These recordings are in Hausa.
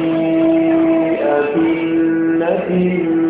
في أكنة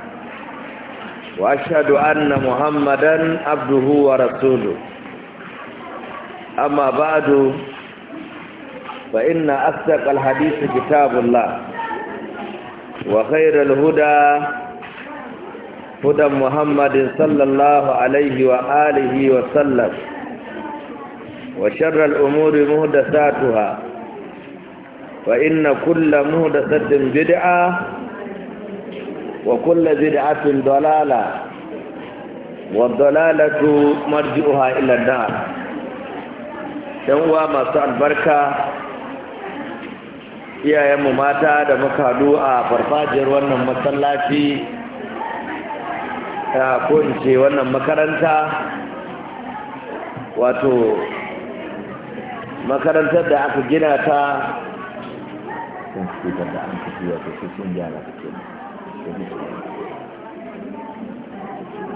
وأشهد أن محمدا عبده ورسوله أما بعد فإن أصدق الحديث كتاب الله وخير الهدى هدى محمد صلى الله عليه وآله وسلم وشر الأمور مهدساتها فإن كل مهدسة بدعة وكل بدعة ضلالة waddalalatu marji'uha ila nar dan uwa masu albarka iyayenmu mata da muka hadu a farfajiyar wannan masallaci ta ko in ce wannan makaranta wato makarantar da aka gina ta da an gyara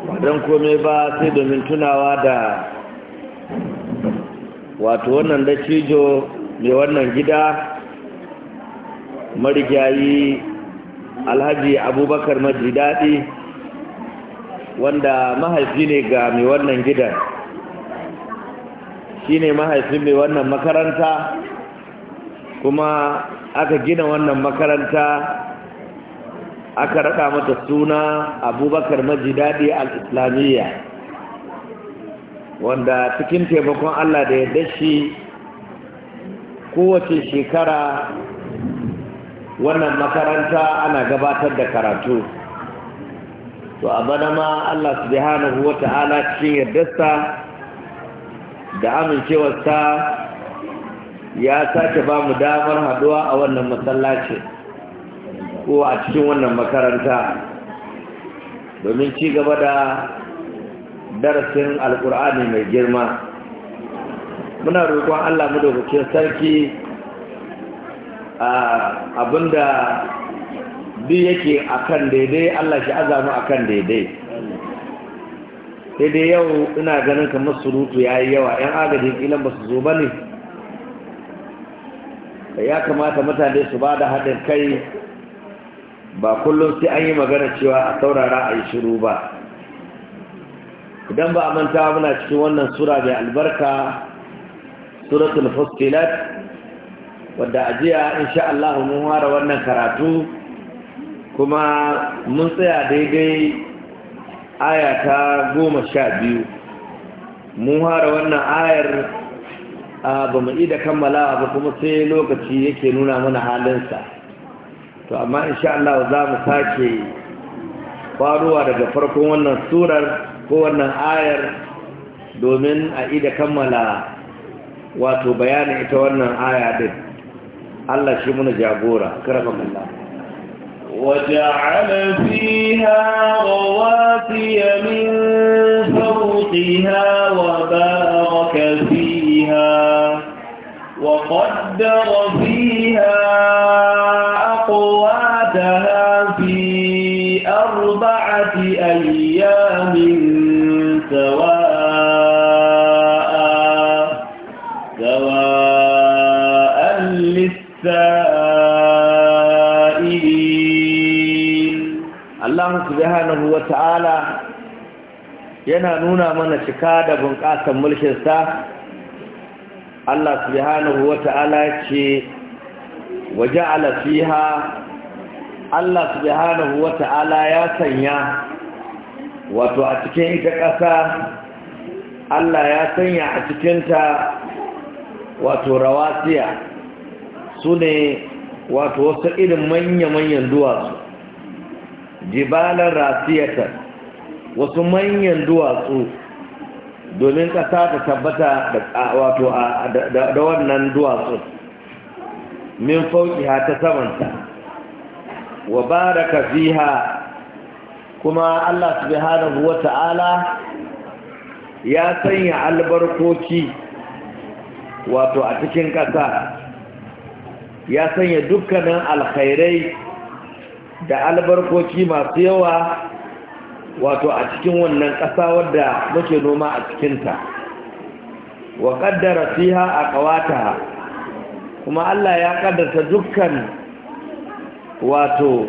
ba don kome ba sai domin tunawa da wato wannan da cijo mai wannan gida marigayi alhaji abubakar majidadi wanda mahaifi ne ga mai wannan gidan shi ne mahaifin mai wannan makaranta kuma aka gina wannan makaranta aka raɗa mata suna abubakar majidadi al-islamiyya wanda cikin taimakon allah da ya dashi kowace shekara wannan makaranta ana gabatar da karatu to a bana ma allah subhanahu wa ta'ala cikin yardarsa da amincewarsa ya sake ba mu damar haduwa a wannan masallaci. ko a cikin wannan makaranta domin ci gaba da darasin alkur'ani mai girma muna roƙon allah mu dokokin sarki abinda duk yake a kan daidai allah shi azamu kan daidai sai dai yau ina ganin kamar surutu ya yi yawa 'yan agajin ilan ba su zo ba ne ya kamata mutane su ba da haɗin kai ba kullum sai an yi magana cewa a saurara a yi shiru ba idan ba a manta muna cikin wannan sura mai albarka suratul fustilat wadda ajiya insha Allah mun fara wannan karatu kuma mun tsaya daidai aya ta goma sha biyu mun fara wannan ayar ba mu ida kammala ba kuma sai lokaci yake nuna mana halinsa to amma insha Allah za mu sake faruwa daga farkon wannan surar ko wannan ayar domin a ida kammala wato bayanin ita wannan aya din Allah shi muna jagora karamakallah وجعل فيها رواسي من فوقها وبارك فيها وقدر فيها أربعة أيام سواء سواء للسائلين الله سبحانه وتعالى yana nuna mana cika da bunƙasar mulkinsa Allah subhanahu wa ta'ala waje a fiha Allah subhanahu wa ta'ala ya sanya wato a cikin ita ƙasa Allah ya sanya a cikinta wato rawasiya su ne wato wasu irin manya-manyan duwatsu jibalar rasiyatar wasu manyan duwatsu domin ƙasa ta tabbata da wannan duwatsu min fauki ha ta samanta wa baraka fiha kuma Allah subhanahu wata'ala ya sanya albarkoci wato a cikin ƙasa ya sanya dukkanin alkhairai da albarkoci masu yawa wato a cikin wannan ƙasa wadda muke noma a cikinta wa ƙaddara fiha a ƙawata kuma Allah ya ƙaddata dukkan wato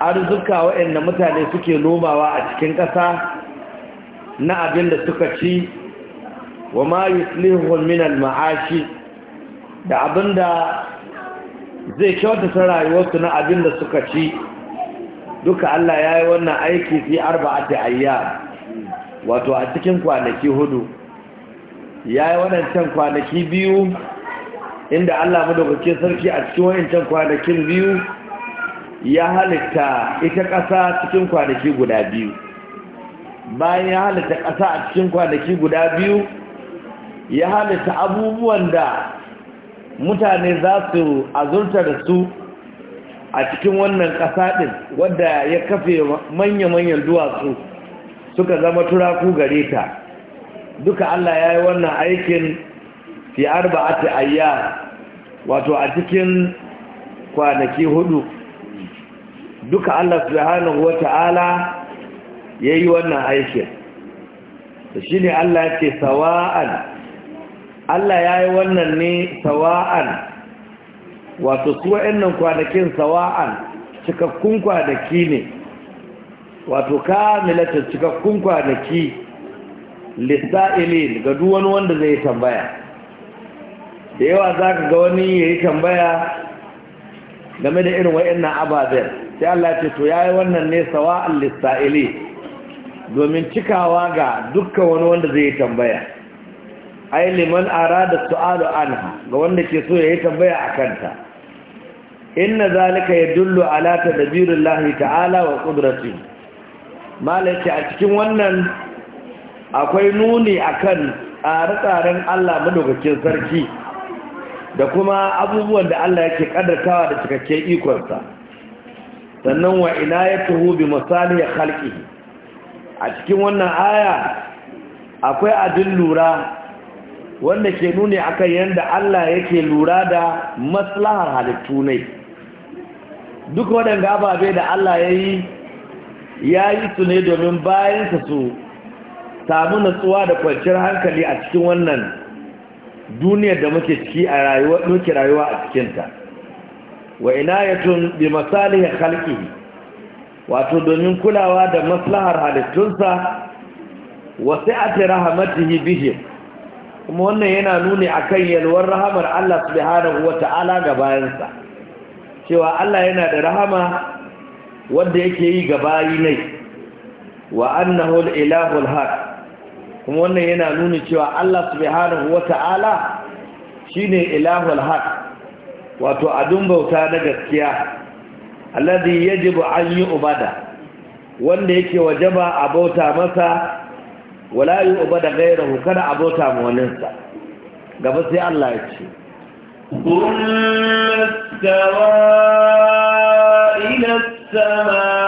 arzuka waɗanda mutane suke nomawa a cikin ƙasa na abin da suka ci wa ma minal ma'ashi da abin da zai kyautata rayuwarsu na abin da suka ci duka Allah ya yi wannan aiki fi arba'ati ayya wato a cikin kwanaki hudu ya yi waɗancan kwanaki biyu inda Allah madaukakin sarki a cikin wayancan kwanakin biyu ya halitta ita ƙasa cikin kwanaki guda biyu bayan ya halitta ƙasa a cikin kwanaki guda biyu ya halitta abubuwan da mutane za su azurta da su a cikin wannan ƙasa ɗin wadda ya kafe manya-manyan duwatsu suka zama turaku gare ta duka Allah ya yi wannan aikin fi arba'ati ayya wato a cikin kwanaki hudu duka Allah subhanahu wata'ala yi wannan aikin ne Allah ke sawa'an Allah ya yi wannan ne sawa'an wato su nan kwanakin sawa'an cikakkun kwanaki ne wato kamilata cikakkun kwanaki ilil ga duk wani wanda zai tambaya da yawa za ka ga wani ya yi tambaya game da irin waɗannan ababen sai Allah ce to ya yi wannan ne sawa al domin cikawa ga dukkan wani wanda zai yi tambaya ai liman ara arada su'alu anha ga wanda ke so ya yi tambaya a kanta inna zalika yadullu ala tadbirillahi ta'ala wa qudratihi malaki a cikin wannan akwai nuni akan tsare-tsaren Allah madaukakin sarki da kuma abubuwan da Allah yake kaddartawa da cikakken ikonsa sannan wa ina ya tuhu bi misali ya a cikin wannan aya akwai abin lura wanda ke nuni akan yanda Allah yake lura da maslahar halittu ne duk waɗanda ababe da Allah yayi yayi su ne domin bayansa su samu natsuwa da kwanciyar hankali a cikin wannan duniyar da muke ciki a rayuwa ɗauki rayuwa a cikinta wa inayatun bi masalihi khalqihi wato domin kulawa da maslahar halittunsa wa sa'ati rahmatihi bihi kuma wannan yana nuni akan yalwar rahamar Allah subhanahu wata'ala ga bayansa cewa Allah yana da rahama wanda yake yi ga bayi ne wa annahu al-ilahu al-haq kuma wannan yana nuna cewa Allah subhanahu wata'ala shine ilahul haq wato abin bauta na gaskiya alladhi yajibu an yu'bada wanda yake wajaba a bauta masa wala yu'bada ghayruhu kana a bauta wannan sa gaba sai Allah ya ce ثم tawa ila samaa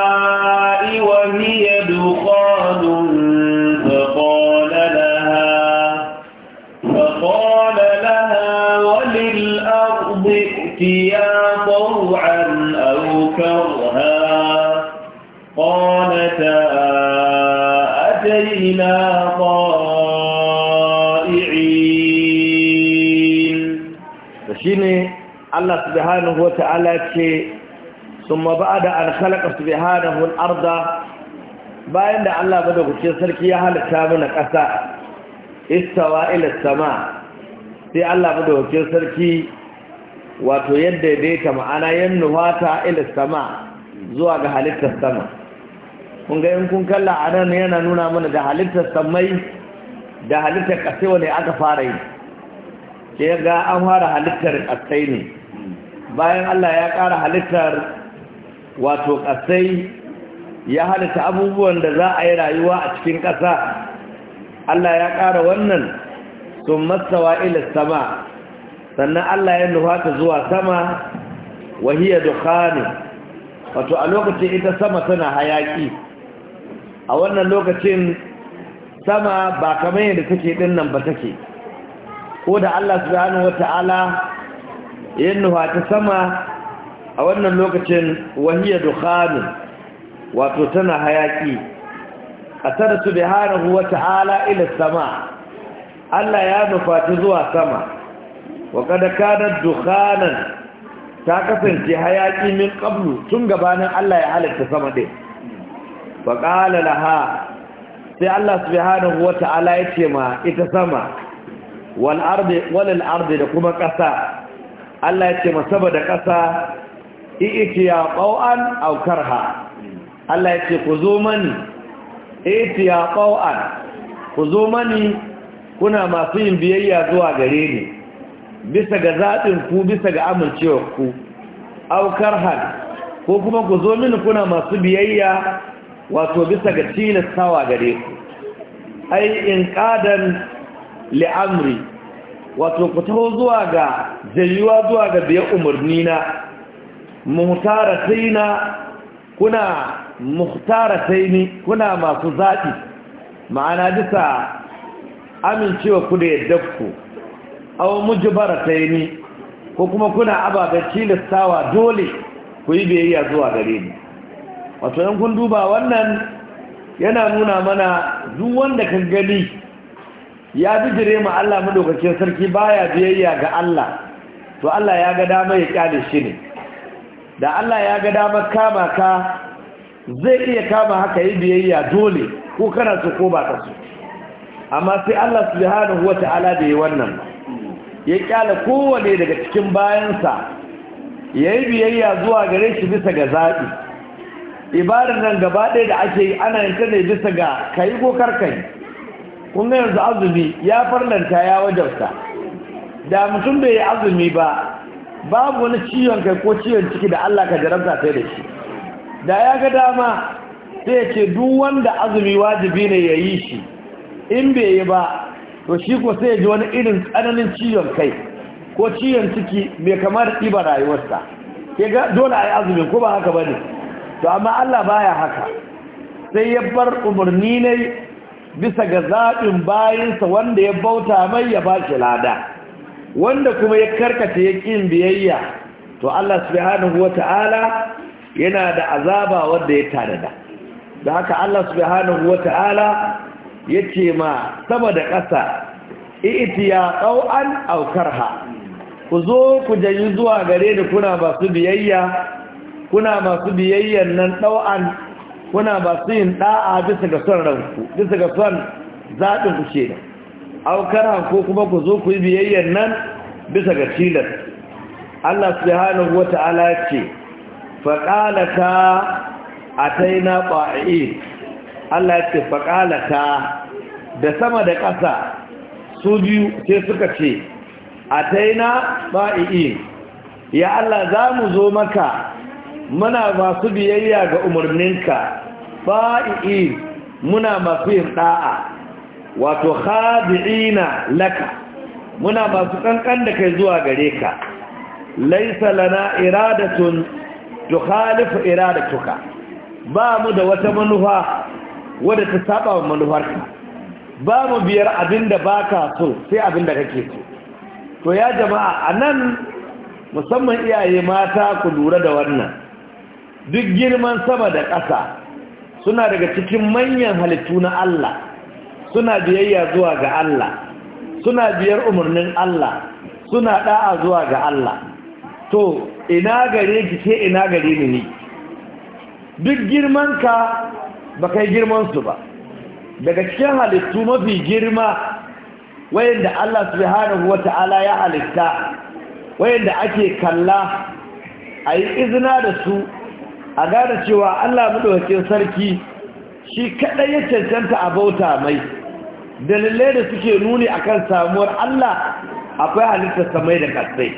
ائتيا طوعا أو كرها قالتا أتينا طائعين فشيني الله سبحانه وتعالى ثم بعد أن خلق سبحانه الأرض bayan da Allah madaukakin sarki ya halitta mana ƙasa istawa ila sama sai Allah madaukakin sarki wato yadda ya daita ma'ana yan nuhata ila sama zuwa ga halittar sama kun ga in kun kalla a nan yana nuna mana da halittar samai da halittar kasewa ne aka fara yi ke ga an fara halittar kasai ne bayan Allah ya ƙara halittar wato ƙasai ya halitta abubuwan da za a yi rayuwa a cikin ƙasa Allah ya kara wannan sun matsawa ila sama sannan Allah ya nufa ta zuwa sama wahiya dukhani wato a lokacin ita sama tana hayaki a wannan lokacin sama ba kamar yadda take din nan ba take ko da Allah subhanahu wata'ala ya nufa ta sama a wannan lokacin wahiyar dukhani wato tana hayaki A asara subhanahu wata'ala ila sama Allah ya nufa ta zuwa sama wa kada kana dukhanan ta kasance hayaki min qablu tun gabanin Allah ya halitta sama din fa qala laha sai Allah subhanahu wata'ala ya ce ma ita sama wal ardi da kuma kasa Allah ya ce ma saboda kasa itiya qaw'an aw karha Allah ya ce ku zo mani itiya qaw'an ku zo mani kuna masu yin biyayya zuwa gare ni bisa ga zaɓin ku bisa ga amincewa ku aukar hal ko kuma ku zo mini kuna masu biyayya wato bisa ga tilastawa gare ku ai in ƙadan li'amri wato ku taho zuwa ga jayuwa zuwa ga biya umarni na muhtarataina kuna ni kuna masu zaɓi ma'ana bisa amincewa ku da yadda ku aw taini ko kuma kuna ababa tilastawa dole ku yi biyayya zuwa gare ni wato yan kun duba wannan yana nuna mana duk wanda ka gani ya bijire ma Allah madaukakin sarki baya biyayya ga Allah to Allah ya ga dama ya kyale shi ne da Allah ya ga dama kama ka zai iya kama haka yi biyayya dole ko kana su, ko ba ka so amma sai Allah subhanahu wata'ala da yi wannan ba ya kyala kowane daga cikin bayansa ya yi biyayya zuwa gare shi bisa ga zaɓi ibadar nan gaba ɗaya da ake yi ana yanka ne bisa ga kayi ko karkai kun ga yanzu azumi ya farlanta ya wajarsa da mutum bai yi azumi ba babu wani ciwon kai ko ciwon ciki da Allah ka jarabta sai da shi da ya ga dama sai ya ce duk wanda azumi wajibi ne ya yi shi in bai yi ba to shi ko sai ji wani irin tsananin ciwon kai ko ciwon ciki mai kamar da ɗiba rayuwarsa ke ga dole a yi azumi ko ba haka ba ne to amma Allah baya haka sai ya bar umarni ne bisa ga zaɓin bayansa wanda ya bauta mai ya ba shi lada wanda kuma ya karkata ya ƙin biyayya to Allah subhanahu wata'ala yana da azaba wanda ya tanada da haka Allah subhanahu wata'ala yace ma sama da ƙasa itiya ɗau'an aw karha ku zo ku janyi zuwa gare ni kuna masu biyayya kuna masu biyayyan nan ɗau'an kuna masu yin ɗa'a bisa ga son ranku bisa ga son zaɓin ku ce da aukar ko kuma ku zo ku yi biyayyan nan bisa ga tilas Allah subhanahu wata'ala ce faƙalata a na Allah ya ce faƙalata da sama da ƙasa su biyu sai suka ce a taina ba'i'i ya Allah za mu zo maka muna masu biyayya ga umarninka ba'i'i muna masu yin ɗa'a wato khadi'ina laka muna masu kankan da kai zuwa gare ka laisa lana iradatun tukhalifu iradatuka ba mu da wata manufa wadda ta saba wa manufarka ba mu biyar abin da ba ka so sai abin da kake so to ya jama'a a nan musamman iyaye mata ku lura da wannan duk girman sama da ƙasa suna daga cikin manyan halittu na Allah suna biyayya zuwa ga Allah suna biyar umarnin Allah suna ɗa'a zuwa ga Allah to ina gare ki ce ina gare ni ne duk ka. ba kai su ba daga cikin halittu mafi girma wayanda Allah subhanahu ta'ala ya halitta wayanda ake kalla a yi izina da su a gane cewa Allah maɗaukakin sarki shi kaɗai ya cancanta a bauta mai dalilai da suke nuni akan samuwar Allah akwai halittar samai da kasai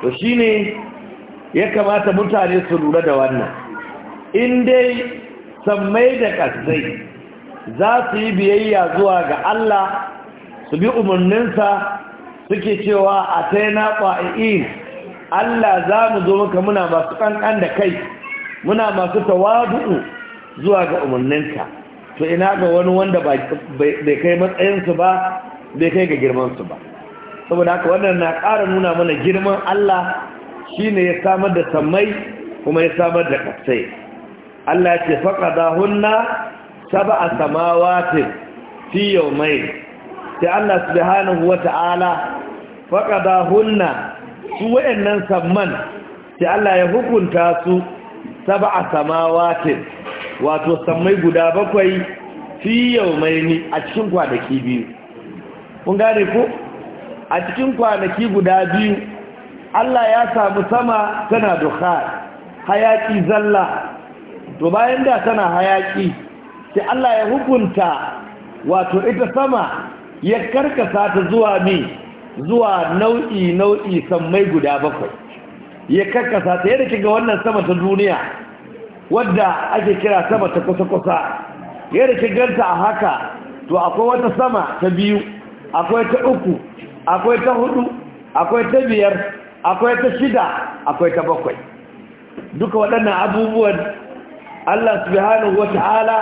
to shi ne ya kamata mutane su lura da wannan in dai sammai da ƙasai za su yi biyayya zuwa ga Allah su bi umarninsa suke cewa a sai na Allah za mu zo muka muna masu ƙanƙan da kai muna masu tawadu'u zuwa ga umarninsa to ina ga wani wanda bai kai matsayinsu ba bai kai ga girmansu ba saboda haka wannan na ƙara nuna mana girman Allah shi ne ya samar da sammai kuma ya samar da ƙasai Allah ce faƙada hunna saba a samawatin fi yau mai sai Allah subhanahu wa ta'ala faƙada hunna su wa'annan samman sai Allah ya hukunta su saba a samawatin wato sammai guda bakwai fi yau mai ni a cikin kwanaki biyu kun gane ku a cikin kwanaki guda biyu Allah ya samu sama tana duka hayaki zalla to bayan da tana hayaki sai Allah ya hukunta wato ita sama ya karkasa ta zuwa mi zuwa nau'i nau'i sammai guda bakwai ya karkasa ta yadda kiga wannan sama ta duniya wadda ake kira sama ta kusa-kusa yadda ganta a haka to akwai wata sama ta biyu akwai ta uku akwai ta hudu akwai ta biyar akwai ta shida akwai ta bakwai duka waɗannan abubuwan Allah subhanahu wata'ala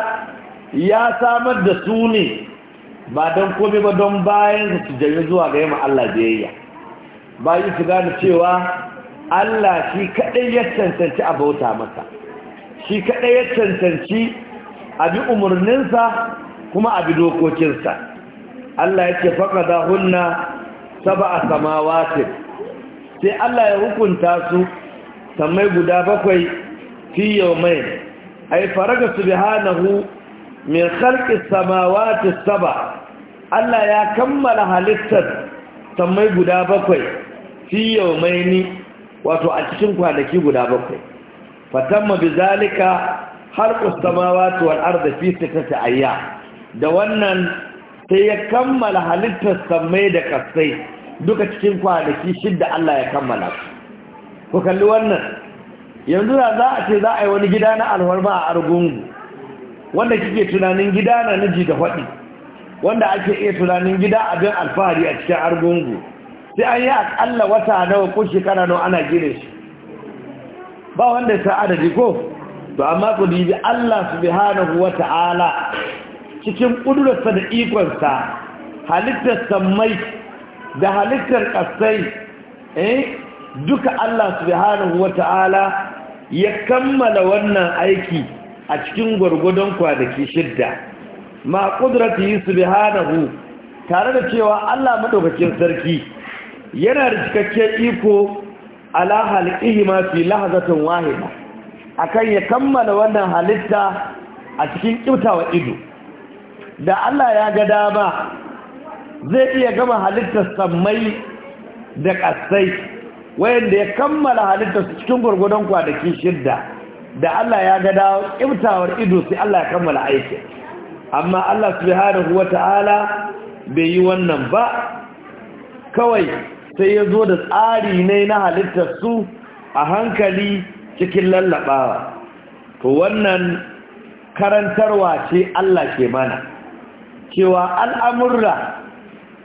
ya samar da su ne ba don komai ba don bayan su jami zuwa ga yamma Allah biyayya bayan su gane cewa Allah shi kaɗai ya cancanci a bauta masa shi kaɗai ya cancanci a bi umarninsa kuma a bi dokokinsa Allah ya ce faƙa da hunna saba a samawatin sai Allah ya hukunta su sammai guda bakwai fiye mai ay faraga subhanahu min khalqi samawati saba Allah ya kammala halittar sammai guda bakwai fi yawmaini wato a cikin kwanaki guda bakwai fatamma bizalika halqus samawati wal ardi fi sittati ayyam da wannan sai ya kammala halittar sammai da kasai duka cikin kwanaki shidda Allah ya kammala ku kalli wannan yanzu da za a ce za a yi wani gida na alwarma a argungu wanda kike tunanin gida na niji da faɗi wanda ake iya tunanin gida abin alfahari a cikin argungu sai an yi akalla wata nawa ko shekara nawa ana gine shi ba wanda sa adadi ko to amma ku dibi Allah subhanahu wa ta'ala cikin kudurarsa da ikonsa halittar sammai da halittar ƙasai eh duka Allah subhanahu wa ta'ala ya kammala wannan aiki a cikin gwargwadon kwanaki shidda ma kudrati subhanahu tare da cewa Allah madaukakin sarki yana da cikakken iko ala halqihi ma fi lahzatin wahida akan ya kammala wannan halitta a cikin kiftawa ido da Allah ya ga dama zai iya gama halittar sammai da ƙasai wayanda ya kammala halitta su cikin gwargwadon kwanaki shidda da Allah ya ga dawo ƙibtawar ido sai Allah ya kammala aiki amma Allah subhanahu wata'ala bai yi wannan ba kawai sai ya zo da tsari ne na halittar su a hankali cikin lallabawa to wannan karantarwa ce Allah ke mana cewa al'amurra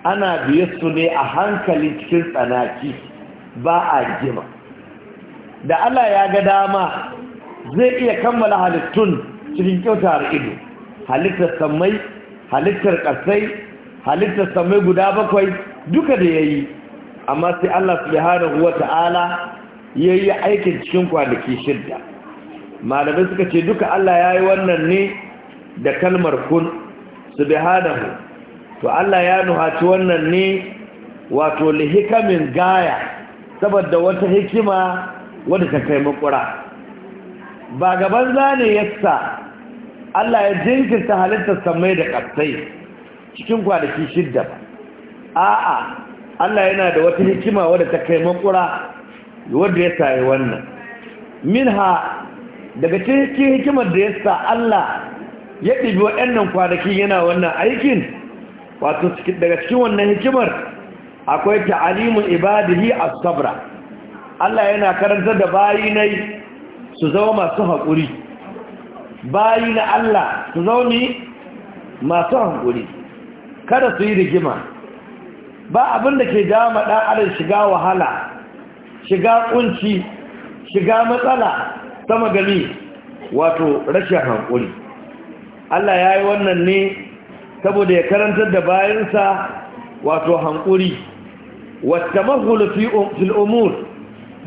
ana biye su ne a hankali cikin tsanaki ba a jima da Allah ya ga dama zai iya kammala halittun cikin kyauta kyautar ido halittar samai halittar ƙarsai, halittar samai guda bakwai duka da yayi amma sai Allah subhanahu wa ta'ala aikin cikin kwanaki shidda malamai suka ce duka Allah yayi wannan ne da kalmar kun subhanahu to Allah ya nuhaci wannan ne wato lihikamin gaya saboda wata hikima wadda ta kai makura ba gaban zane yasta. Allah ya jinkirta halittar samai da ƙasai cikin kwanaki shidda ba a'a Allah yana da wata hikima wadda ta kai makura wadda ya sayi wannan minha daga cikin hikimar da yasta Allah ya ɗibi nan kwanaki yana wannan aikin wato daga cikin wannan hikimar akwai ta'alimu ibadihi as-sabra Allah yana karantar da bayinai su zama masu haƙuri bayi Allah su zauni masu haƙuri kada su yi rigima ba abin da ke dama ɗan adam shiga wahala shiga kunci shiga matsala sama gani wato rashin hankuri Allah ya yi wannan ne saboda ya karantar da bayansa wato haƙuri. wata mahulu um-, fil umur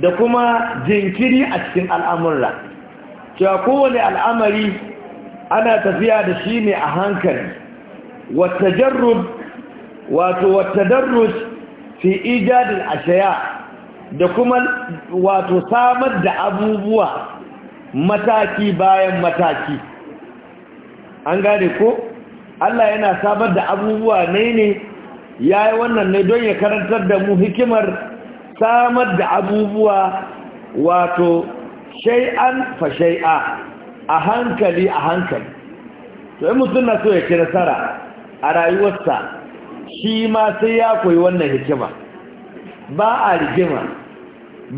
da kuma jinkiri a cikin al'amurra cewa kowane al'amari ana tafiya da shi ne a hankali wata jarrub wato wata darrus fi ijadin ashaya da kuma wato samar da abubuwa mataki bayan mataki an gane ko Allah yana samar da abubuwa ne ne ya yi wannan ne don ya karantar da mu hikimar samar da abubuwa wato shai'an fa shai'a a hankali a hankali to yi mutum na so ya ci nasara a rayuwarsa shi ma sai ya koyi wannan hikima ba a rigima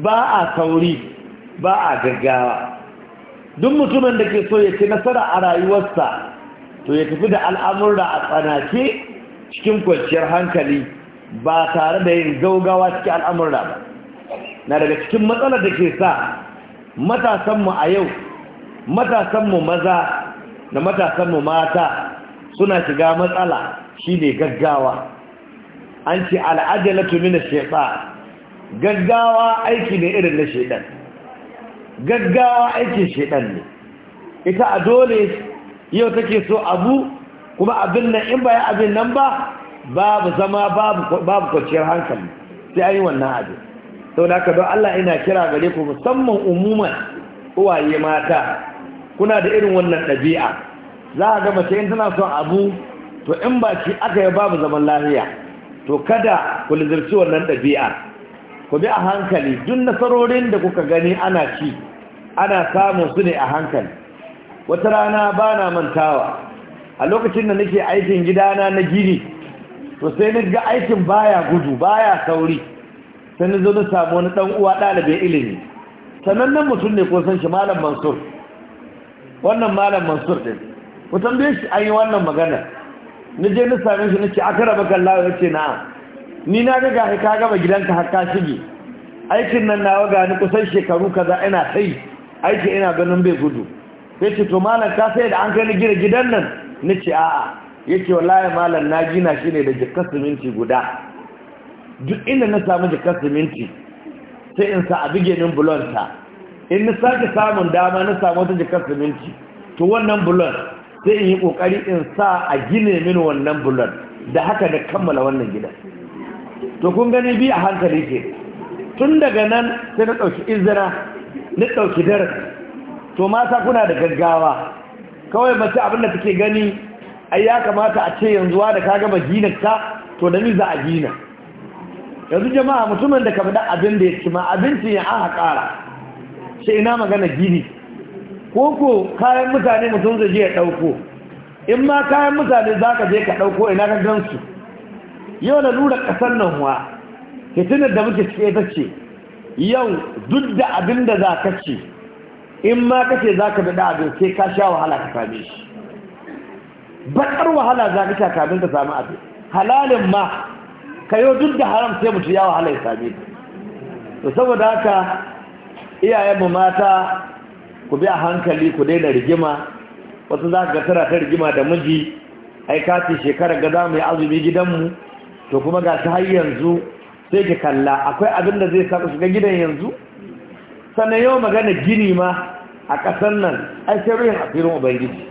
ba a sauri ba a gaggawa duk mutumin da ke so ya ci nasara a rayuwarsa to ya tafi da al'amurra a tsanake cikin kwanciyar hankali ba tare da yin gaugawa cikin al'amurra ba na daga cikin matsalar da ke sa matasanmu a yau matasanmu maza da matasanmu mata suna shiga matsala shi ne gaggawa an ce al'ajalatu mina shefa gaggawa aiki ne irin na shedan gaggawa aikin shedan ne ita a dole yau take so abu kuma abin nan in ba ya abin nan ba babu zama babu kwanciyar hankali sai an yi wannan abin sau da aka don Allah ina kira gare ku musamman umuman uwaye mata kuna da irin wannan ɗabi'a za a ga mace in tana son abu to in ba ki aka yi babu zaman lahiya to kada ku lizirci wannan ɗabi'a ku bi a hankali duk nasarorin da kuka gani ana ci ana samun su ne a hankali wata rana ba na mantawa a lokacin da nake aikin gidana na gini to sai na ga aikin baya gudu baya sauri sai na zo na samu wani dan uwa ɗalibin ilimi nan mutum ne ko san shi malam mansur wannan malam mansur din ku tambaye shi an yi wannan magana na je na same shi na ce aka raba kan ya ce na ni na ga gahi ka gama gidanka har ka shige aikin nan na ga ni kusan shekaru kaza ina sai aiki ina ganin bai gudu sai ce to malam ka sai da an kai ni gina gidan nan na ce a'a yake wallahi malam na gina shi ne da jikar siminti guda duk inda na samu jikar siminti sai in sa a bige min bulonta in na sake samun dama na samu wata jikar siminti to wannan bulon sai in yi kokari in sa a gine min wannan bulon da haka da kammala wannan gidan to kun gani bi a hankali ke tun daga nan sai na ɗauki izina na ɗauki darasi to mata kuna da gaggawa kawai mace abin da take gani ai ya kamata a ce yanzu, wa da ka gama ginarta to da ni za a gina yanzu jama'a mutumin da ka faɗa abin da ya ci ma abincin ya aka ƙara sai ina magana gini ko ko kayan mutane mutum zai je ya ɗauko in ma kayan mutane za ka je ka ɗauko ina ka gansu yau na lura ƙasar nan wa fitinar da muke cike ta ce yau duk da abin da za ka ce in ma kace za ka daɗa abin sai ka sha wahala ka same shi baƙar wahala za ka sha ka samu abin halalin ma ka yi duk da haram sai mutu ya wahala ya same ka to saboda haka iyayen mu mata ku bi a hankali ku daina rigima wasu za ka ga tara ta rigima da miji ai kati shekarar ga za mu yi azumi gidanmu to kuma ga ta har yanzu sai ki kalla akwai abin da zai sa ku shiga gidan yanzu sannan yau magana gini ma a ƙasar nan an shirin a firin ubangiji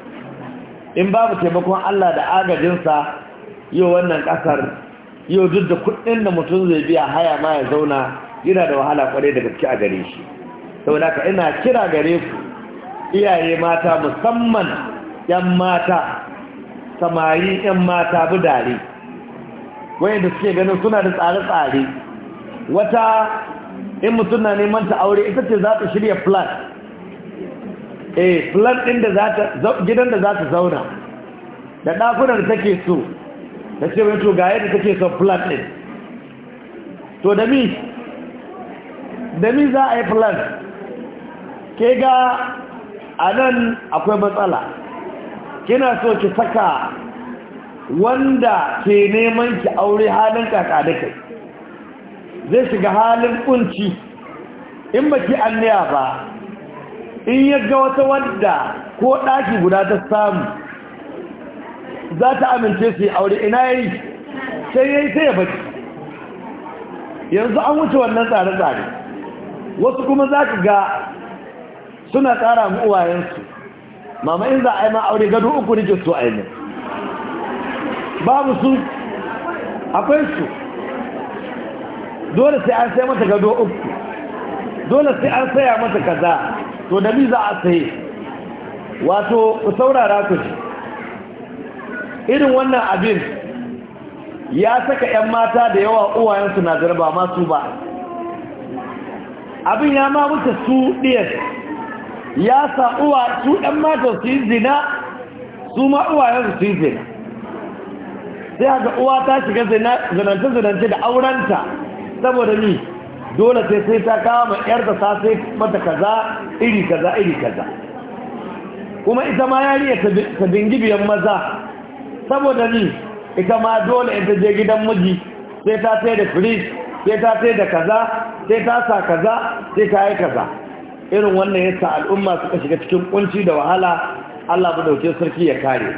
in babu taimakon allah da agajinsa yau wannan ƙasar yau duk da kuɗin da mutum zai biya haya ma ya zauna yana da wahala kwarai da gaske a gare shi saboda ka ina kira gare ku iyaye mata musamman 'yan mata samari 'yan mata budare wayanda suke ganin suna da tsare-tsare wata in mutum na neman ta aure ita ce za ta shirya plan eh plan din da za ta gidan da za ta zauna da ɗakunan da take so da ce wani to da ta take son plan din to da mi da mi za a yi plan ke ga a nan akwai matsala kina so ki saka wanda ke neman ki aure halin kaka da kai zai shiga halin kunci in baki anniya ba in yaga wata wadda ko ɗaki guda ta samu za ta amince su yi aure ina yayi sai yayi sai ya baki yanzu an wuce wannan tsare-tsare wasu kuma za ka ga suna tsara mu uwayensu mama in za a yi ma aure gado uku nake so a yi babu su akwai su dole sai an sai mata gado uku dole sai an saya mata kaza to da bi za a saye wato ku saurara ku irin wannan abin ya saka 'yan mata da yawa uwayensu na jarba masu ba abin ya ma wuce su ɗiyar ya sa uwa su ƴan mata su yi zina su ma uwayensu su yi zina sai haka uwa ta shiga zinance-zinance da aurenta saboda ni dole sai sai ta mai yar da ta mata kaza iri kaza iri kaza kuma ita ma yariya ta bingibiyan maza saboda ni ita ma dole ita je gidan miji sai ta sai da fridge sai ta sai da kaza sai ta sa kaza sai ta yi kaza irin wannan yasa al'umma suka shiga cikin kunci da wahala Allah ba dauke sarki ya kare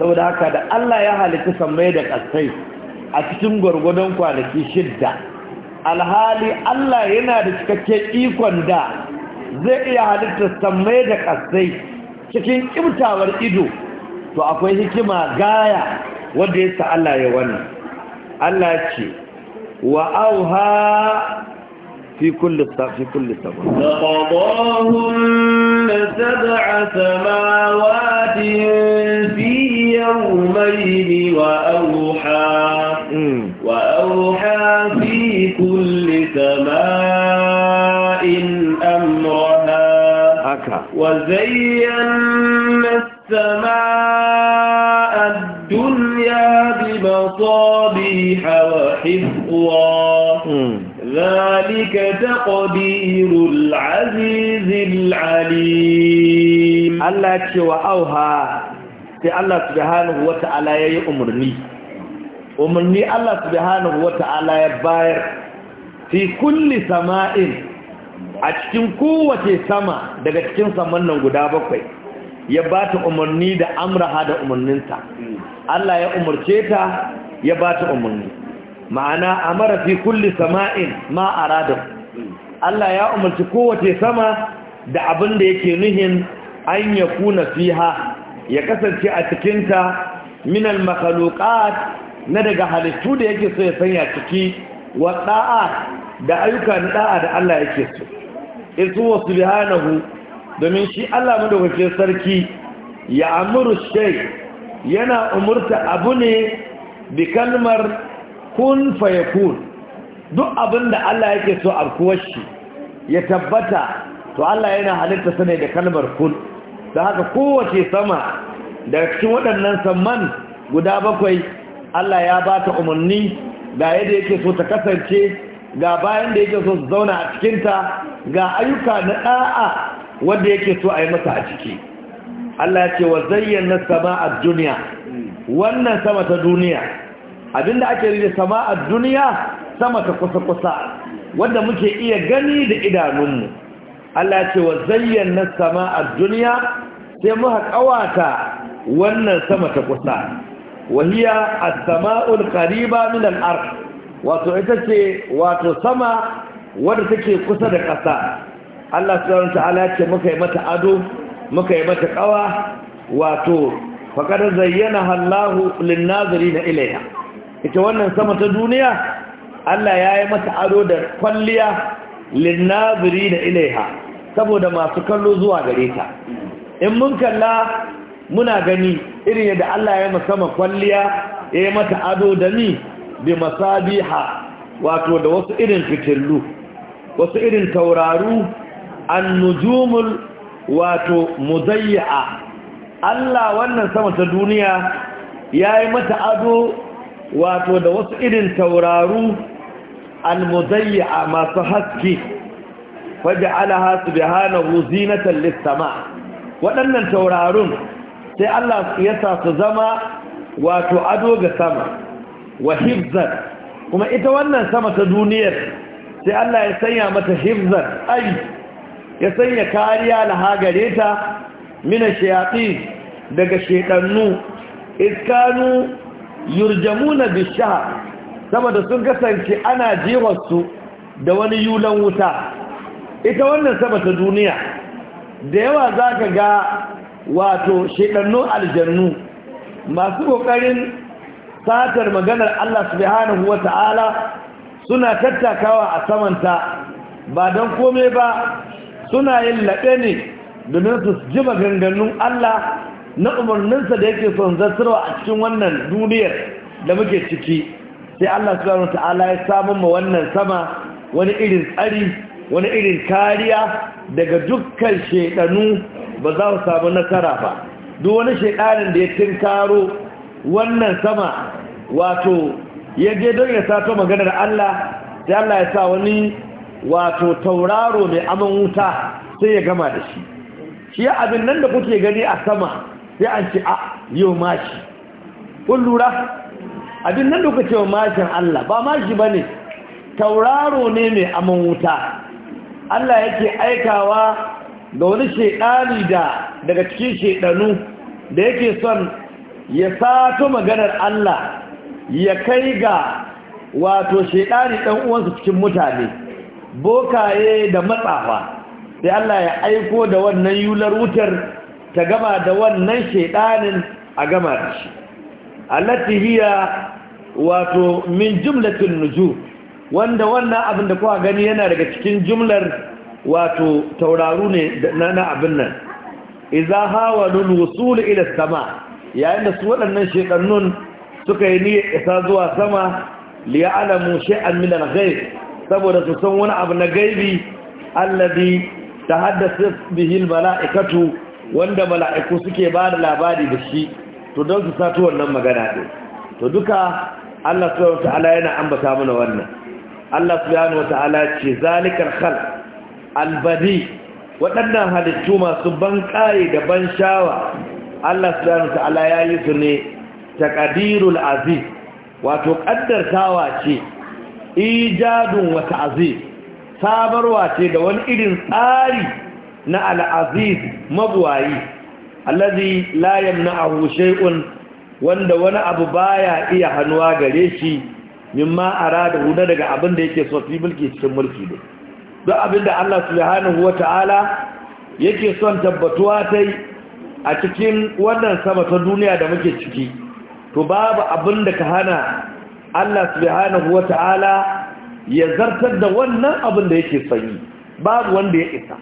saboda haka da Allah ya halitta sammai da kasai a cikin gwargwadon kwanaki shidda alhali Allah yana da cikakken ikon da zai iya halitta sammai da kasai cikin kimtawar ido to akwai hikima gaya wanda ya Allah ya wani, Allah ce wa auha fi kulli fi kulli sabr laqadahum sab'a samawatin fi yawmayn wa auha hmm. wa auha fi وزينا السماء الدنيا بمصابيح وحفظا ذلك تقدير العزيز العليم الله يكشوى أوها في الله سبحانه وتعالى يا أمرني الله سبحانه وتعالى باير في كل سماء a cikin kowace sama daga cikin saman nan guda bakwai ya ba ta umarni da amraha da umarninta Allah ya umarce ta ya ba ta umarni ma'ana amara fi kulli sama'in ma arada Allah ya umarci kowace sama da abin da yake nuhin an ya kuna fiha ya kasance a cikinta minal makhluqat na daga halittu da yake so ya sanya ciki wa da ayyuka da da Allah yake so isu wa subhanahu domin shi Allah dauke sarki ya amuru shay yana umurta abu ne bi kalmar kun yakun duk abinda Allah yake so afkuwar shi ya tabbata to Allah yana halitta sani da kalmar kun da haka kowace sama da cikin waɗannan samman guda bakwai Allah ya ba ta umarni ga yadda yake so ta kasance ga bayan da yake so su zauna a cikinta ga ayyuka na ɗa'a wanda yake so a yi masa a ciki Allah ce wa zayyana a duniya wannan sama ta duniya abinda ake rike a duniya sama ta kusa-kusa wanda muke iya gani da idanunmu Allah ce wa zayyana a duniya sai muka kawata wannan sama ta kusa wahiya a samaul qariba min al wato ita ce wato sama wadda take kusa da ƙasa Allah subhanahu ta'ala ce muka yi mata ado muka yi mata kawa wato faqad zayyana Allahu lin na ilayha ita wannan sama ta duniya Allah ya yi mata ado da kwalliya lin-nazirin ilayha saboda masu kallo zuwa gare ta in mun kalla muna gani irin yadda Allah ya yi mata kwalliya ya yi mata ado da ni bi masabiha wato da wasu irin fitillu wasu irin tauraru annujumul wato muzayya Allah wannan sama ta duniya ya yi mata ado wato da wasu irin tauraru almuzayya masu haske faj'alaha subhanahu zinatan lis Lissama waɗannan taurarun sai Allah ya sa su zama wato ado ga sama wa hifzan kuma ita wannan sama ta duniyar sai Allah ya sanya mata hifzan ai ya sanya kariya lahagare ta mina shayati daga shekannu iskanu yurjamuna bishaha saboda sun kasance ana jiwarsu da wani yulan wuta ita wannan sama ta duniya da yawa za ga wato shekannu aljannu masu ƙoƙarin satar maganar Allah subhanahu wa ta'ala suna tattakawa a samanta ba don kome ba suna yin laɓe ne domin su ji maganganun Allah na umarninsa da yake son zartarwa a cikin wannan duniyar da muke ciki sai Allah subhanahu wa ta'ala ya samun ma wannan sama wani irin tsari wani irin kariya daga dukkan shedanu ba za su samu nasara ba duk wani shedanin da ya tinkaro wannan sama wato ya je don ya sato maganar Allah sai Allah ya sa wani wato tauraro mai aman wuta sai ya gama da shi shi abin nan da kuke gani a sama sai an ce a ah, yau mashi kun lura abin nan da kuka ce mashin Allah ba mashi ba ne tauraro ne mai aman wuta Allah yake aikawa ga wani shaidani da daga cikin shaidanu da yake son ya sato maganar Allah ya kai ga wato shaidani ɗan uwansu cikin mutane bokaye da matsafa sai Allah ya aiko da wannan yular wutar ta gama da wannan shaidanin a gama da shi allati hiya wato min jumlatin nuju wanda wannan abin da kuka gani yana daga cikin jumlar wato tauraru ne na abin nan idza hawalul wusul ila sama yayin da su waɗannan shekannun suka yi niyyar isa zuwa sama liya'alamu shay'an min al saboda su san wani abu na gaibi alladhi tahaddathat bihi al-mala'ikatu wanda mala'iku suke ba da labari da shi to don su sato wannan magana din to duka Allah subhanahu wata'ala yana ambata mana wannan Allah subhanahu wata'ala ce zalikal khalq albari, waɗannan halittu masu ban da ban shawa Allah subhanahu ta'ala ya yi su ne taqdirul aziz wato kaddartawa ce ijadun wa ta'ziz sabarwa ce da wani irin tsari na al-aziz mabwayi allazi la yamna'uhu shay'un wanda wani abu baya iya hanuwa gare shi mimma arada huda daga abin da yake so fi mulki cikin mulki ne duk abin Allah subhanahu wata'ala yake son tabbatuwa tai a cikin wannan sama ta duniya da muke ciki to babu abin da ka hana Allah subhanahu wata'ala ya zartar da wannan abin da yake sanyi babu wanda ya isa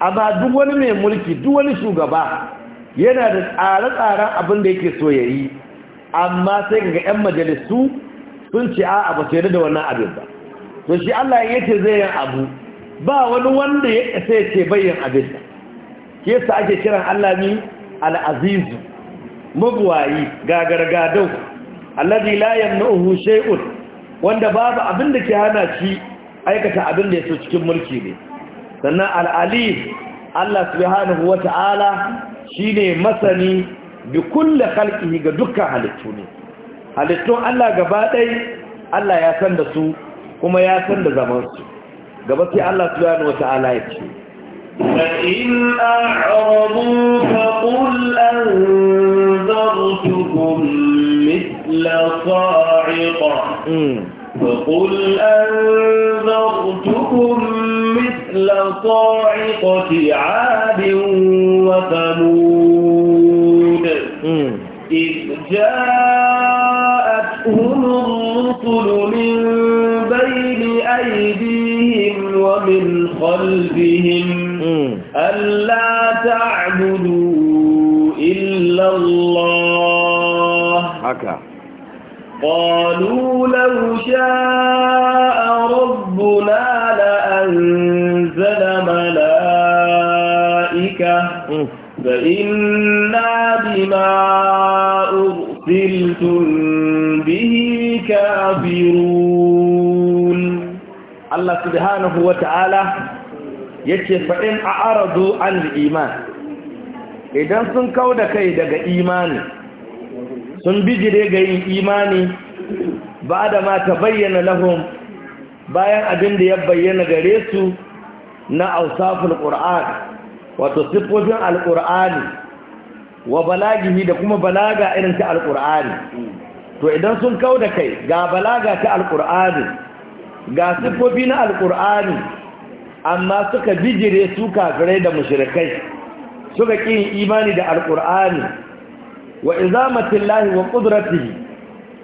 amma duk wani mai mulki duk wani shugaba yana da tsare-tsaren abin da yake so ya yi amma sai ga 'yan majalisu sun ce a ba su da wannan abin ba to shi Allah ya ce zai yin abu ba wani wanda ya isa ya ce bayyan abin da ke sa ake kiran Allah ni al-azizu mabwayi gagargadau alladhi la yamnuhu shay'un wanda babu abin da ke hana shi aikata abin da ya so cikin mulki ne sannan al-ali Allah subhanahu wata'ala shine masani bi kulli khalqihi ga dukkan halittu ne halittun Allah gaba ɗaya Allah ya san da su kuma ya san da zamansu gaba sai Allah subhanahu wata'ala ya ce فإن أعرضوا فقل أنذرتكم مثل صاعقة فقل أنذرتكم مثل صاعقة عاد وثمود إذ جاءتهم الرسل من بين أيديهم ومن خلفهم ألا تعبدوا إلا الله هكا قالوا لو شاء ربنا لأنزل ملائكة فإنا بما أرسلتم به كافرون الله سبحانه وتعالى yace fa’in a a'radu an iman idan sun da kai daga imani sun bijire ga yin imani ba da ma ta bayyana lahum bayan abin da ya bayyana gare su na ausaful qur'an wato sifofin alqur'ani wa balagihi da kuma balaga irin ta alqur'ani to idan sun da kai ga balaga ta alkur'ani ga sifofi na alqur'ani amma suka bijire su kafirai da mushrikai suka ƙi imani da alƙur'ani wa izamatin lahi wa ƙudratihi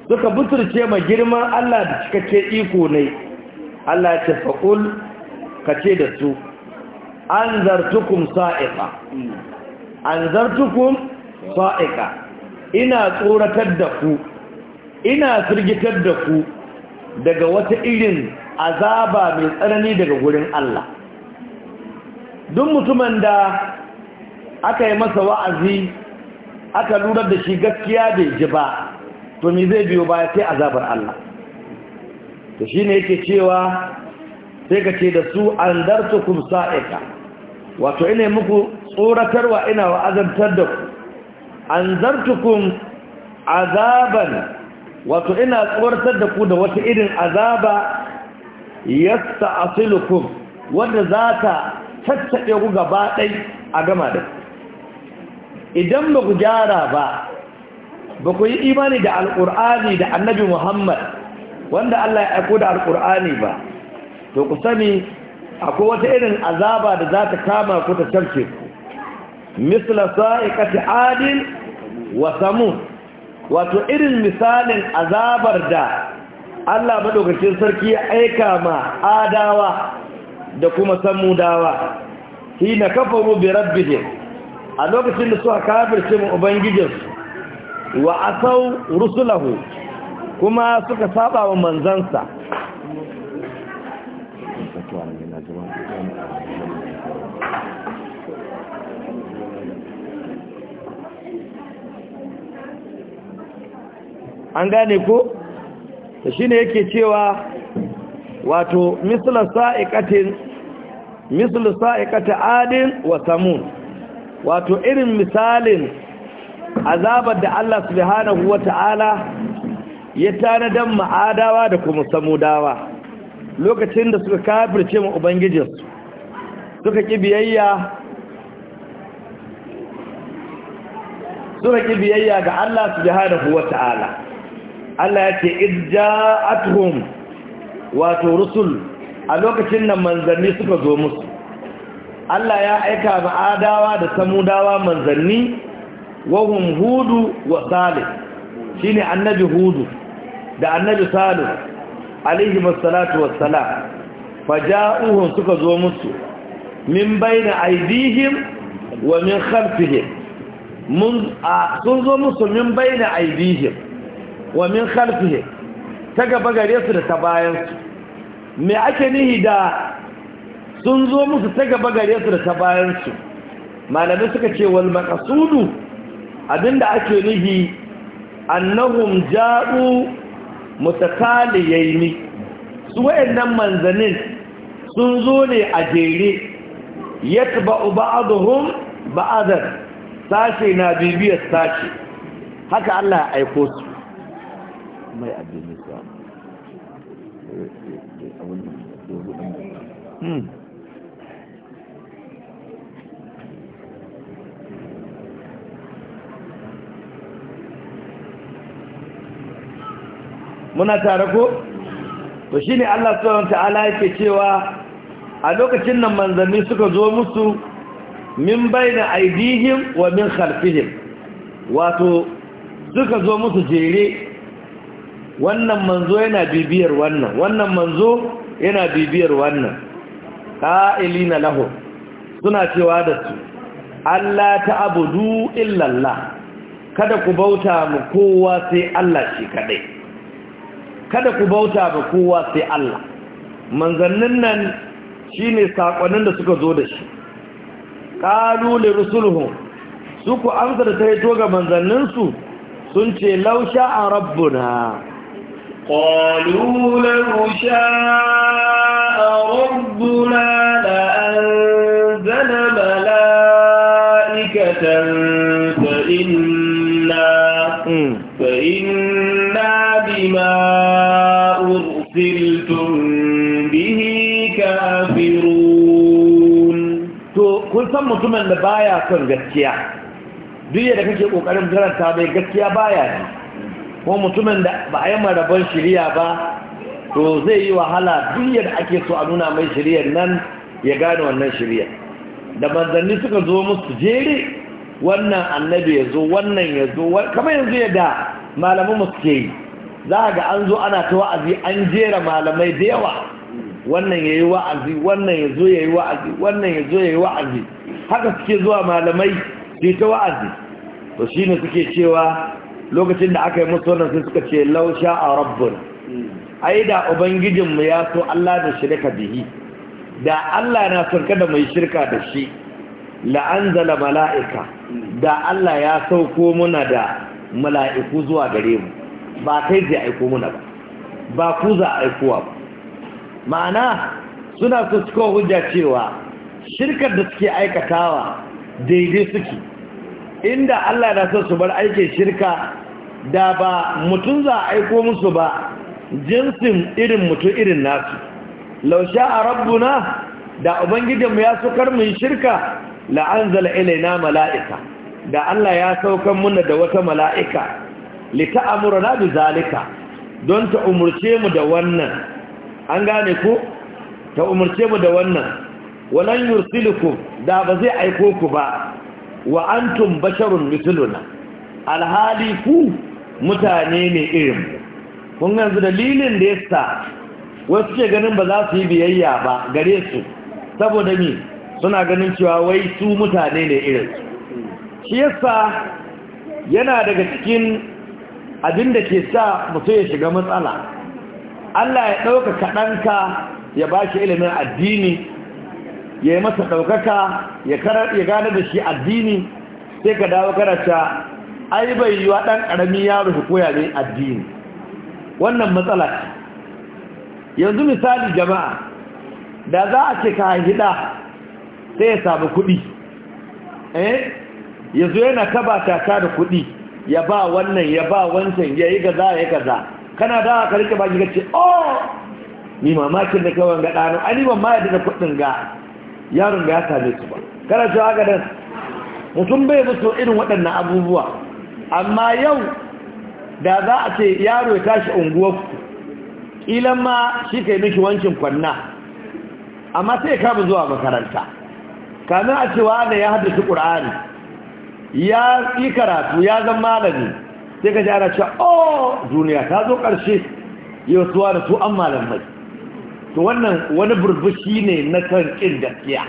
suka buturce ma girman Allah da cikakke iko ne Allah ya ce faƙul ka ce da su an zartukum sa'iƙa an ina tsoratar da ku ina firgitar da ku daga wata irin azaba mai tsanani daga gurin Allah duk mutumin da aka yi masa wa'azi aka lura da shi gaskiya bai ji ba to me zai biyo baya sai azabar Allah to shine yake cewa sai ka ce da su an dartukum sa'ika wato ina muku tsoratarwa ina wa'azantar da ku an zartukum azaban wato ina tsoratar da ku da wata irin azaba yasta asilukum wanda za ta tattaɓe ku gaba ɗai a gama da idan ba ku gyara ba ba ku yi imani da alƙur'ani da annabi muhammad wanda allah ya aiko da alƙur'ani ba to ku sani akwai wata irin azaba da za ta kama ku ta tarke ku misla sa'iqati adil wa samun wato irin misalin azabar da Allah maɗaukacin sarki ya aika ma adawa da kuma san mudawa, shi na kafaru rabbi rabbihim a lokacin da suka kafirce mu ubangijinsu wa asau rusulahu kuma suka saba wa manzansa an gane ko da shi ne yake cewa wato misal sa'iƙatin adin wa samun wato irin misalin azabar da Allah subhanahu wa ta'ala ya tanadan ma'adawa da kuma samudawa lokacin da suka kafirce ma ubangijinsu suka ƙi biyayya suka ƙi biyayya ga Allah subhanahu wa ta'ala Allah ya ce idja'atuhum wato rusul a lokacin nan manzanni suka zo musu Allah ya aika ma adawa da samudawa manzanni wahum hudu wa salih shine annabi hudu da annabi salih alaihi wassalatu wassalam faja'uhum suka zo musu min baina aydihim wa min khalfihim mun sun zo musu min baina aydihim wa min khalfihi ta gaba gare su da ta bayan su me ake nihi da sun zo musu ta gaba gare su da ta bayan su malamai suka ce wal maqsudu abinda ake nihi annahum ja'u mutataliyaini su wayannan manzanin sun zo ne a jere yatba'u ba'dhum ba'dhan sashe na bibiyar sashe haka Allah ya aiko su mai addini sa muna tare ko to shine Allah subhanahu ta'ala yake cewa a lokacin nan manzanni suka zo musu min baina aidihim wa min khalfihim wato suka zo musu jere wannan manzo yana bibiyar wannan wannan manzo yana bibiyar wannan qa'ilina lahu suna cewa da su Allah ta'budu illa Allah kada ku bauta mu kowa sai Allah shi kadai kada ku bauta mu kowa sai Allah manzannin nan shine sakonnin da suka zo da shi qalu li su ku amsa da ta ga manzanninsu sun ce lausha a rabbuna قالوا لو شاء ربنا لأنزل ملائكة فإنا, فإنا بما أرسلتم به كافرون كل سمى ثم النبايا كن gaskiya duk yadda kake kokarin karanta mai gaskiya baya ne ko mutumin da ba a yi marabar shirya ba to zai yi wahala duk yadda ake so a nuna mai shiryar nan ya gane wannan shirya. da manzanni suka zo musu jere wannan annabi ya zo wannan ya zo Kama yanzu da malaman mu suke yi za ga an zo ana ta wa'azi an jera malamai da yawa wannan ya yi wa'azi wannan ya zo ya yi wa'azi wannan ya zo ya yi wa'azi haka suke zuwa malamai su ta wa'azi to shi ne suke cewa lokacin da aka yi musu wannan sai suka ce lausha a rabbin ai da ubangijinmu ya so Allah da shirka bihi da Allah na sarka da mai shirka da shi la'anzala mala'ika da Allah ya sauko muna da mala'iku zuwa gare mu ba kai zai aiko muna ba ba ku za a aikowa ba ma'ana suna so cikin hujja cewa shirkar da suke aikatawa daidai suke inda Allah na so su bar aikin shirka da ba mutum za a aiko musu ba jinsin irin mutum irin nasu laushe a rabbuna da ubangijinmu ya saukar mun shirka la'anzala ilaina mala'ika da Allah ya saukar muna da wata mala'ika amura na bi zalika don ta umurce mu da wannan an gane ku ta umurce mu da wannan walan yursiliku da ba zai aiko ku ba wa antum basharun misluna alhali ku mutane ne irin kun yanzu dalilin da yasa wasu ke ganin ba za su yi biyayya ba gare su saboda ni suna ganin cewa wai su mutane ne irin shi yasa yana daga cikin abin da ke sa mutum ya shiga matsala Allah ya ɗauka kaɗanka ya ba shi ilimin addini ya yi masa ɗaukaka ya gane da shi addini sai ka dawo karata ai bai wa ɗan ƙarami yaro shi koya ne addini wannan matsala yanzu misali jama'a da za a ce ka haihida sai ya samu kuɗi eh yanzu yana taba tata da kuɗi ya ba wannan ya ba wancan ya yi gaza ya gaza kana da ka rike baki ka ce oh ni mamakin da kawai ga ɗanu ani ban ma yadda da kuɗin ga yaron ga ya same su ba kana cewa haka dan mutum bai musu irin waɗannan abubuwa amma yau da za a ce yaro ya tashi unguwarku ilan ma shi ka yi miki wancin kwanna amma sai ka zuwa makaranta kamin a cewa da ya haddace ƙur'ani ya yi karatu ya zama malami sai ka jana cewa oh duniya ta zo ƙarshe yau suwa da su an malamai to wannan wani burbushi ne na kan ƙin gaskiya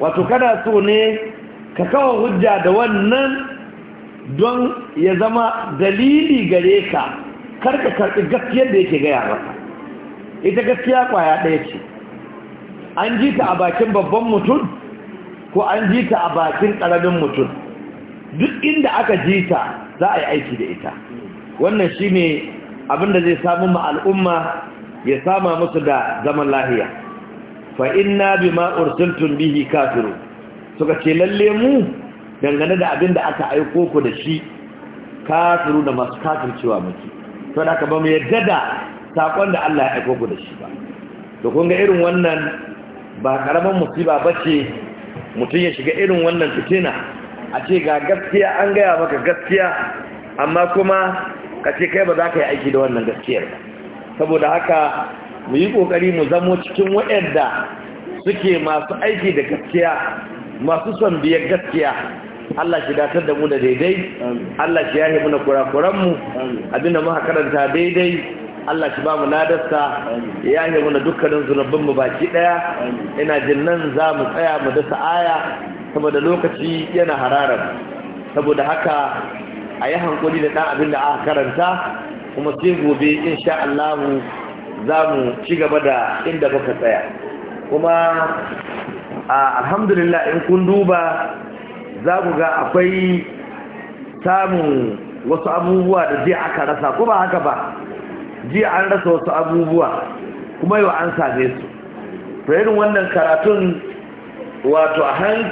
wato kana so ne ka kawo hujja da wannan don ya zama dalili gare ka karka karɓi gaskiyar da yake gaya masa, ita gaskiya kwaya ɗaya ce an ji ta a bakin babban mutum ko an ji ta a bakin ƙaramin mutum duk inda aka ji ta za a yi aiki da ita wannan shi ne abinda zai samu ma al'umma ya sama musu da zaman lahiya fa na bi ursiltum bihi kafiru suka ce lalle mu dangane da abin da aka aiko ku da shi kafiru da masu kafircewa maki to da ka ba mu yadda da sakon da Allah ya aiko ku da shi ba to kun ga irin wannan ba karaman musiba ce, mutum ya shiga irin wannan fitina a ce ga gaskiya an gaya maka gaskiya amma kuma ka ce kai ba za ka yi aiki da wannan gaskiyar ba saboda haka mu yi kokari mu zamo cikin waɗanda suke masu aiki da gaskiya masu son biyar gaskiya Allah shi datar da mu da daidai Allah shi yahe muna kurakuran mu abinda muka karanta daidai Allah shi ba mu ladarsa ya yahe muna dukkanin zunubin mu baki daya ina jin nan za mu tsaya mu dasa aya saboda lokaci yana hararar saboda haka a yi hankali da ɗan abin da aka karanta kuma sai gobe insha Allah za mu ci gaba da inda baka tsaya kuma alhamdulillah in kun duba za ku ga akwai samun wasu abubuwa da jiya aka rasa ko ba haka ba jiya an rasa wasu abubuwa kuma yau an same su to irin wannan karatun wato a hankali